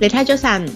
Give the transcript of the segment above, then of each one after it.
李太早晨，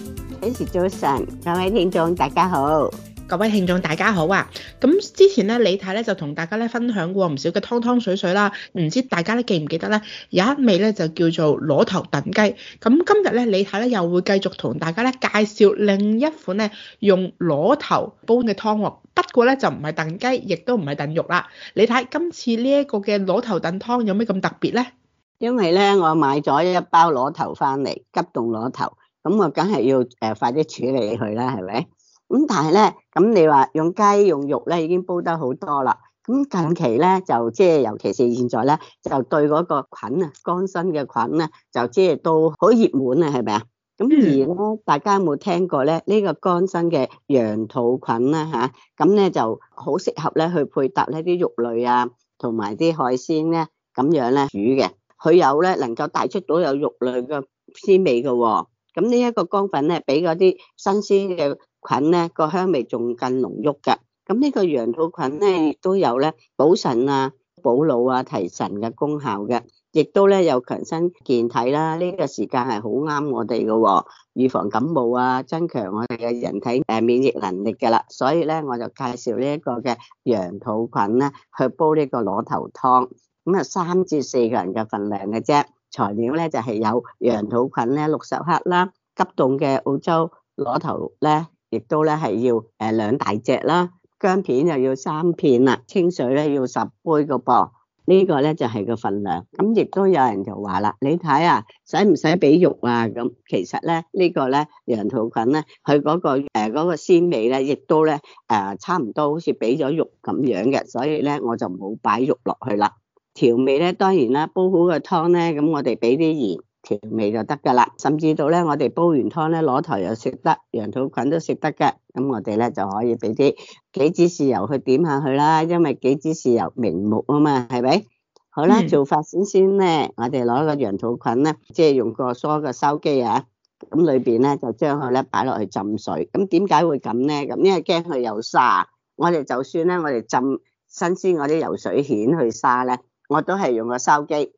主持早晨，各位聽眾大家好，各位聽眾大家好啊！咁之前咧，李太咧就同大家咧分享過唔少嘅湯湯水水啦，唔知大家咧記唔記得咧？有一味咧就叫做螺頭燉雞，咁今日咧李太咧又會繼續同大家咧介紹另一款咧用螺頭煲嘅湯喎，不過咧就唔係燉雞，亦都唔係燉肉啦。李太今次呢一個嘅螺頭燉湯有咩咁特別咧？因為咧我買咗一包螺頭翻嚟，急凍螺頭。咁我梗係要誒快啲處理佢啦，係咪？咁但係咧，咁你話用雞用肉咧已經煲得好多啦。咁近期咧就即係尤其是現在咧，就對嗰個菌啊，乾身嘅菌啊，就即係都好熱門啊，係咪啊？咁而咧大家有冇聽過咧？呢個乾身嘅羊肚菌啦吓，咁咧就好適合咧去配搭呢啲肉類啊，同埋啲海鮮咧咁樣咧煮嘅。佢有咧能夠帶出到有肉類嘅鮮味嘅喎。咁呢一個乾粉咧，比嗰啲新鮮嘅菌咧個香味仲更濃郁嘅。咁呢個羊肚菌咧亦都有咧補腎啊、補腦啊、提神嘅功效嘅，亦都咧有強身健體啦。呢、這個時間係好啱我哋嘅喎，預防感冒啊，增強我哋嘅人體誒免疫能力嘅啦。所以咧，我就介紹呢一個嘅羊肚菌咧去煲呢個螺頭湯。咁啊，三至四個人嘅份量嘅啫。材料咧就係、是、有羊肚菌咧六十克啦，急凍嘅澳洲螺頭咧，亦都咧係要誒兩大隻啦，薑片又要三片啦，清水咧要十杯嘅噃，這個、呢、就是、個咧就係個份量。咁亦都有人就話啦，你睇啊，使唔使俾肉啊？咁其實咧呢、這個咧羊肚菌咧，佢嗰、那個誒嗰、呃那個、鮮味咧，亦都咧誒、呃、差唔多好似俾咗肉咁樣嘅，所以咧我就冇擺肉落去啦。調味咧，當然啦，煲好嘅湯咧，咁我哋俾啲鹽調味就得㗎啦。甚至到咧，我哋煲完湯咧，攞台又食得，羊肚菌都食得㗎。咁我哋咧就可以俾啲杞子豉油去點下去啦，因為杞子豉油明目啊嘛，係咪？好啦，做法先先咧，我哋攞個羊肚菌咧，即係用個梳個收機啊，咁裏邊咧就將佢咧擺落去浸水。咁點解會咁咧？咁因為驚佢有沙，我哋就算咧，我哋浸新鮮嗰啲油水蜆去沙咧。我都係用個筲箕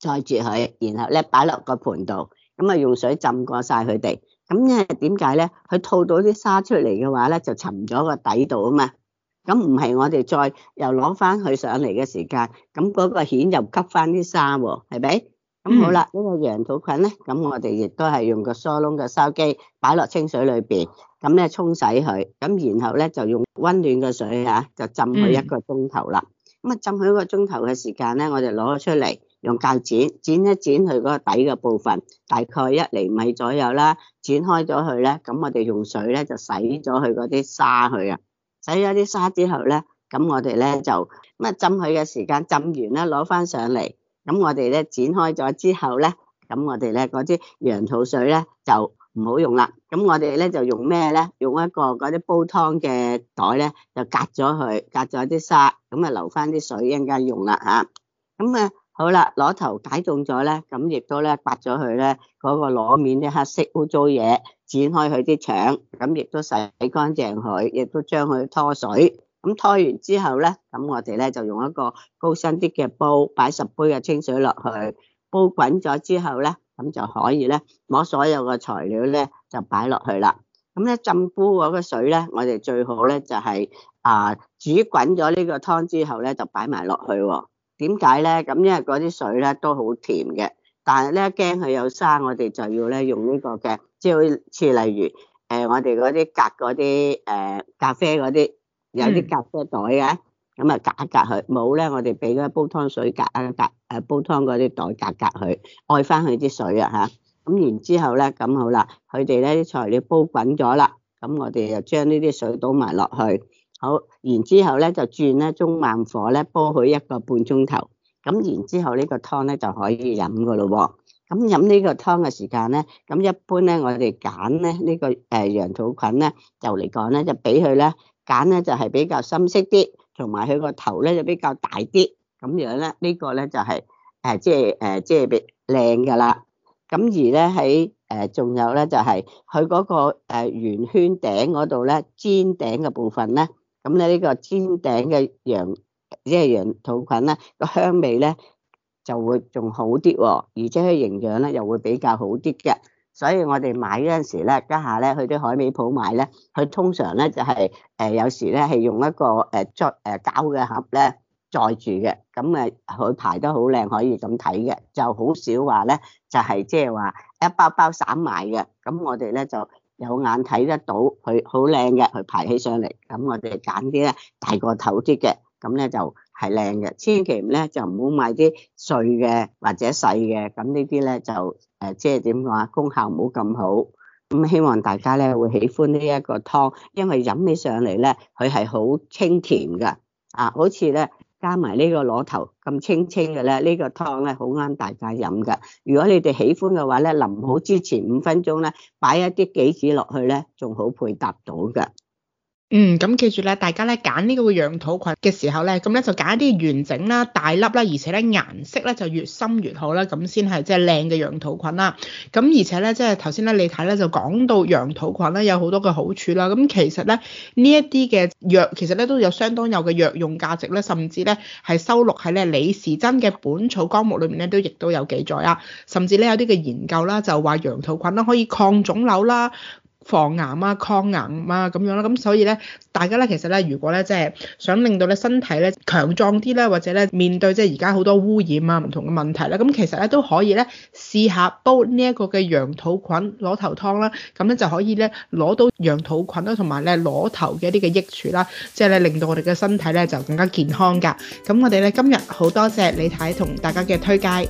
載住佢，然後咧擺落個盆度，咁啊用水浸過晒佢哋。咁因為點解咧？佢吐到啲沙出嚟嘅話咧，就沉咗個底度啊嘛。咁唔係我哋再又攞翻佢上嚟嘅時間，咁嗰個蜆又吸翻啲沙喎，係咪？咁好啦，呢個羊肚菌咧，咁我哋亦都係用個疏窿嘅筲箕擺落清水裏邊，咁咧沖洗佢，咁然後咧就用溫暖嘅水啊，就浸佢一個鐘頭啦。咁啊，浸佢一個鐘頭嘅時間咧，我哋攞咗出嚟，用鉸剪剪一剪佢嗰個底嘅部分，大概一厘米左右啦。剪開咗佢咧，咁我哋用水咧就洗咗佢嗰啲沙去啊。洗咗啲沙之後咧，咁我哋咧就咁啊，浸佢嘅時間浸完啦，攞翻上嚟。咁我哋咧剪開咗之後咧，咁我哋咧嗰啲羊肚水咧就。唔好用啦，咁我哋咧就用咩咧？用一個嗰啲煲湯嘅袋咧，就隔咗佢，隔咗啲沙，咁啊留翻啲水，一陣間用啦吓。咁啊，好啦，螺頭解凍咗咧，咁亦都咧拔咗佢咧，嗰個螺面啲黑色污糟嘢剪開佢啲腸，咁亦都洗乾淨佢，亦都將佢拖水。咁拖完之後咧，咁我哋咧就用一個高身啲嘅煲，擺十杯嘅清水落去，煲滾咗之後咧。咁就可以咧，攞所有嘅材料咧就擺落去啦。咁咧浸菇嗰個水咧，我哋最好咧就係、是、啊煮滾咗呢個湯之後咧就擺埋落去。點解咧？咁因為嗰啲水咧都好甜嘅，但係咧驚佢有沙，我哋就要咧用呢個嘅，即係好似例如誒我哋嗰啲隔嗰啲誒咖啡嗰啲有啲咖啡袋嘅。咁啊，隔一隔佢冇咧，我哋俾嗰煲湯水隔一隔，誒煲湯嗰啲袋隔一隔佢，愛翻佢啲水啊吓，咁然之後咧，咁好啦，佢哋咧啲材料煲滾咗啦，咁我哋就將呢啲水倒埋落去，好，然之後咧就轉咧中慢火咧煲佢一個半鐘頭，咁然之後呢個湯咧就可以飲噶咯，咁飲呢個湯嘅時間咧，咁一般咧我哋揀咧呢個誒羊肚菌咧，就嚟講咧就俾佢咧揀咧就係比較深色啲。同埋佢個頭咧就比較大啲，咁樣咧呢個咧就係誒即係誒即係別靚噶啦。咁、就是就是、而咧喺誒仲有咧就係佢嗰個誒圓圈頂嗰度咧尖頂嘅部分咧，咁咧呢個尖頂嘅羊即係、就是、羊肚菌咧個香味咧就會仲好啲喎，而且佢營養咧又會比較好啲嘅。所以我哋買嗰陣時咧，家下咧去啲海味鋪買咧，佢通常咧就係、是、誒有時咧係用一個誒裝誒膠嘅盒咧載住嘅，咁誒佢排得好靚，可以咁睇嘅，就好少話咧就係即係話一包包散賣嘅。咁我哋咧就有眼睇得到佢好靚嘅，佢排起上嚟，咁我哋揀啲咧大個頭啲嘅，咁咧就。係靚嘅，千祈咧就唔好買啲碎嘅或者細嘅，咁呢啲咧就誒、是，即係點講？功效唔好咁好，咁希望大家咧會喜歡呢一個湯，因為飲起上嚟咧佢係好清甜噶，啊，好似咧加埋呢個螺頭咁清清嘅咧，這個，湯，呢個湯咧好啱大家飲噶。如果你哋喜歡嘅話咧，淋好之前五分鐘咧，擺一啲杞子落去咧，仲好配搭到噶。嗯，咁記住咧，大家咧揀呢個羊肚菌嘅時候咧，咁咧就揀一啲完整啦、大粒啦，而且咧顏色咧就越深越好啦，咁先係即係靚嘅羊肚菌啦。咁而且咧，即係頭先咧，你睇咧就講到羊肚菌咧有好多嘅好處啦。咁其實咧呢一啲嘅藥，其實咧都有相當有嘅藥用價值咧，甚至咧係收錄喺咧李時珍嘅《本草綱目》裏面咧，都亦都有記載啊。甚至咧有啲嘅研究啦，就話羊肚菌啦可以抗腫瘤啦。防癌啊、抗癌啊咁樣啦，咁所以咧，大家咧其實咧，如果咧即係想令到咧身體咧強壯啲咧，或者咧面對即係而家好多污染啊、唔同嘅問題咧，咁其實咧都可以咧試下煲呢一個嘅羊肚菌螺頭湯啦，咁咧就可以咧攞到羊肚菌啦，同埋咧螺頭嘅一啲嘅益處啦，即係咧令到我哋嘅身體咧就更加健康㗎。咁我哋咧今日好多謝李太同大家嘅推介。